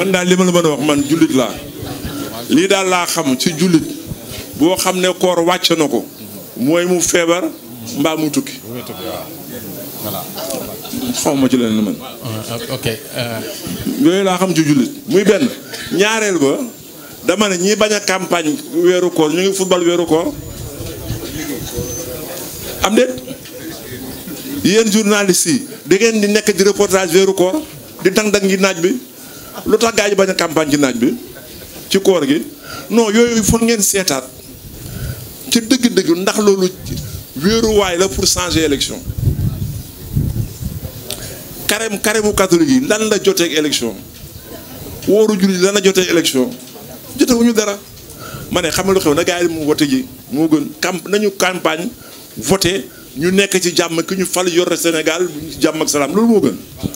man daal li ma la mën wax man jullit laa lii daal laa xam ci jullit boo xam ne koor wàcc na ko mooy mu feebar mbaa mu tukki xaw ci leen ni man euh, yooyu laa xam ci jullit muy benn ñaareel ba dama ne ñi bañ a campagne weeru koor ñu ngi football weeru koor am déet yéen journaliste yi da di nekk di reportage weeru koor di tang dag ngi naaj bi lu tax gaa yi ba a campagne ci naaj bi ci koor gi noo yooyu foog ngeen seetaat ci dëgg-dëgg ndax loolu wéeruwaay la pour changé élection carême carême bu catholique yi lan la joteeg élection wóoru julli lan la jote élection jotewuñu dara ma ne xam nga lu xew na gaa yi mu voté yi moo gën camp nañu campagne voté ñu nekk ci jàmm ki ñu fal yor Sénégal jàmm ak salaam loolu moo gën